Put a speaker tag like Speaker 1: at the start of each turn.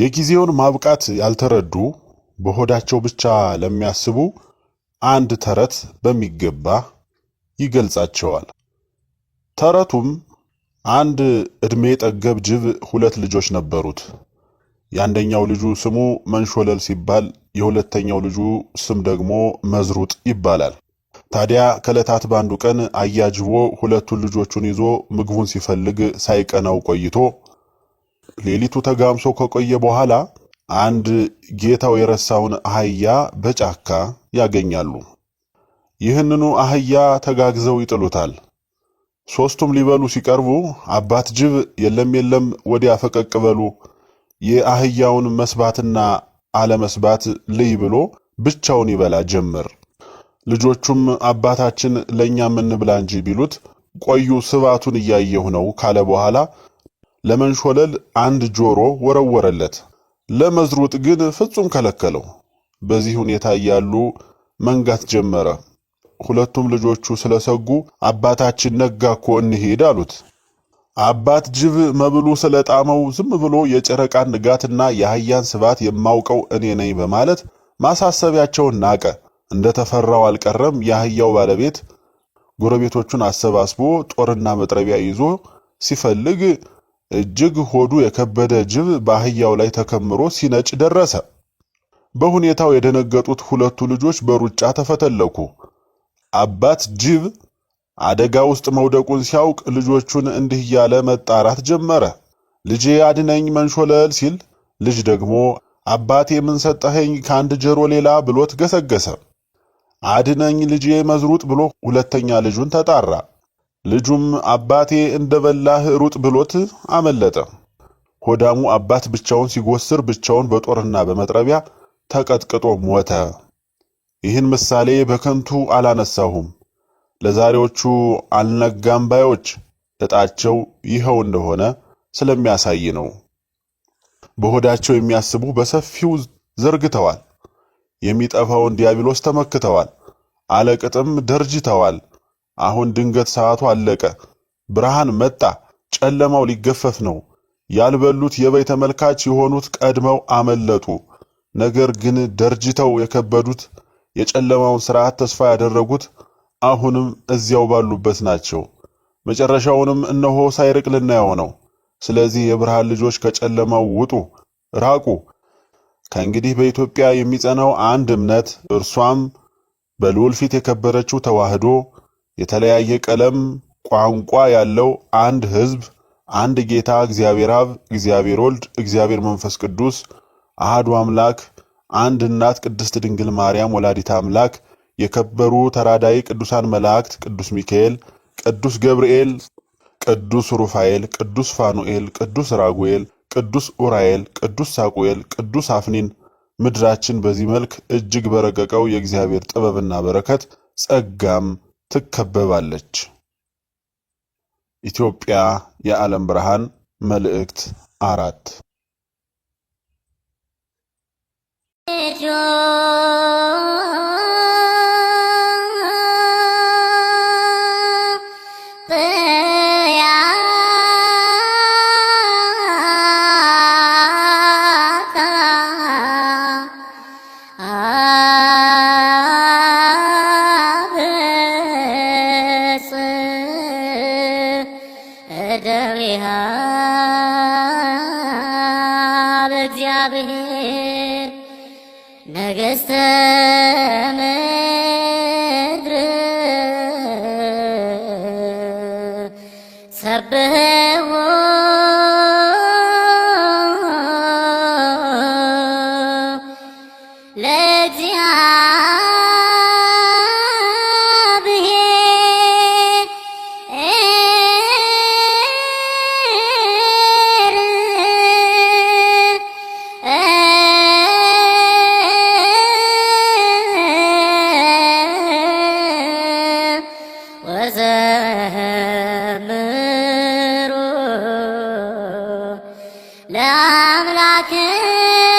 Speaker 1: የጊዜውን ማብቃት ያልተረዱ በሆዳቸው ብቻ ለሚያስቡ አንድ ተረት በሚገባ ይገልጻቸዋል። ተረቱም አንድ ዕድሜ ጠገብ ጅብ ሁለት ልጆች ነበሩት። የአንደኛው ልጁ ስሙ መንሾለል ሲባል የሁለተኛው ልጁ ስም ደግሞ መዝሩጥ ይባላል። ታዲያ ከዕለታት በአንዱ ቀን አያጅቦ ሁለቱን ልጆቹን ይዞ ምግቡን ሲፈልግ ሳይቀናው ቆይቶ ሌሊቱ ተጋምሶ ከቆየ በኋላ አንድ ጌታው የረሳውን አህያ በጫካ ያገኛሉ። ይህንኑ አህያ ተጋግዘው ይጥሉታል። ሦስቱም ሊበሉ ሲቀርቡ አባት ጅብ የለም የለም ወዲያ ፈቀቅ በሉ የአህያውን መስባትና አለመስባት ልይ ብሎ ብቻውን ይበላ ጀመር። ልጆቹም አባታችን ለእኛም እንብላ እንጂ ቢሉት ቆዩ ስባቱን እያየሁ ነው ካለ በኋላ ለመንሾለል አንድ ጆሮ ወረወረለት፣ ለመዝሩጥ ግን ፍጹም ከለከለው። በዚህ ሁኔታ እያሉ መንጋት ጀመረ። ሁለቱም ልጆቹ ስለሰጉ አባታችን ነጋ እኮ አሉት። አባት ጅብ መብሉ ስለጣመው ዝም ብሎ የጨረቃን ንጋትና የአህያን ስባት የማውቀው እኔ ነኝ በማለት ማሳሰቢያቸውን ናቀ። እንደተፈራው አልቀረም። የአህያው ባለቤት ጎረቤቶቹን አሰባስቦ ጦርና መጥረቢያ ይዞ ሲፈልግ እጅግ ሆዱ የከበደ ጅብ በአህያው ላይ ተከምሮ ሲነጭ ደረሰ። በሁኔታው የደነገጡት ሁለቱ ልጆች በሩጫ ተፈተለኩ። አባት ጅብ አደጋ ውስጥ መውደቁን ሲያውቅ ልጆቹን እንዲህ እያለ መጣራት ጀመረ። ልጄ አድነኝ መንሾለል ሲል፣ ልጅ ደግሞ አባቴ የምንሰጠኸኝ ከአንድ ጆሮ ሌላ ብሎት ገሰገሰ። አድነኝ ልጄ መዝሩጥ ብሎ ሁለተኛ ልጁን ተጣራ። ልጁም አባቴ እንደበላህ ሩጥ ብሎት አመለጠ። ሆዳሙ አባት ብቻውን ሲጎስር ብቻውን በጦርና በመጥረቢያ ተቀጥቅጦ ሞተ። ይህን ምሳሌ በከንቱ አላነሳሁም። ለዛሬዎቹ አልነጋም ባዮች ዕጣቸው ይኸው እንደሆነ ስለሚያሳይ ነው። በሆዳቸው የሚያስቡ በሰፊው ዘርግተዋል። የሚጠፋውን ዲያብሎስ ተመክተዋል። አለቅጥም ደርጅተዋል። አሁን ድንገት ሰዓቱ አለቀ። ብርሃን መጣ። ጨለማው ሊገፈፍ ነው። ያልበሉት የበይ ተመልካች የሆኑት ቀድመው አመለጡ። ነገር ግን ደርጅተው የከበዱት የጨለማውን ስርዓት ተስፋ ያደረጉት አሁንም እዚያው ባሉበት ናቸው። መጨረሻውንም እነሆ ሳይርቅ ልናየው ነው። ስለዚህ የብርሃን ልጆች ከጨለማው ውጡ፣ ራቁ። ከእንግዲህ በኢትዮጵያ የሚጸናው አንድ እምነት እርሷም በልዑል ፊት የከበረችው ተዋህዶ የተለያየ ቀለም፣ ቋንቋ ያለው አንድ ህዝብ አንድ ጌታ እግዚአብሔር አብ፣ እግዚአብሔር ወልድ፣ እግዚአብሔር መንፈስ ቅዱስ አህዱ አምላክ አንድ እናት ቅድስት ድንግል ማርያም ወላዲት አምላክ የከበሩ ተራዳይ ቅዱሳን መላእክት ቅዱስ ሚካኤል፣ ቅዱስ ገብርኤል፣ ቅዱስ ሩፋኤል፣ ቅዱስ ፋኑኤል፣ ቅዱስ ራጉኤል፣ ቅዱስ ኡራኤል፣ ቅዱስ ሳቁኤል፣ ቅዱስ አፍኒን ምድራችን በዚህ መልክ እጅግ በረቀቀው የእግዚአብሔር ጥበብና በረከት ጸጋም ትከበባለች። ኢትዮጵያ የዓለም ብርሃን መልእክት አራት ደብሪሃ በእግዚአብሔር ነገሥተ ምድር ሰብሕዎ ለአምላክ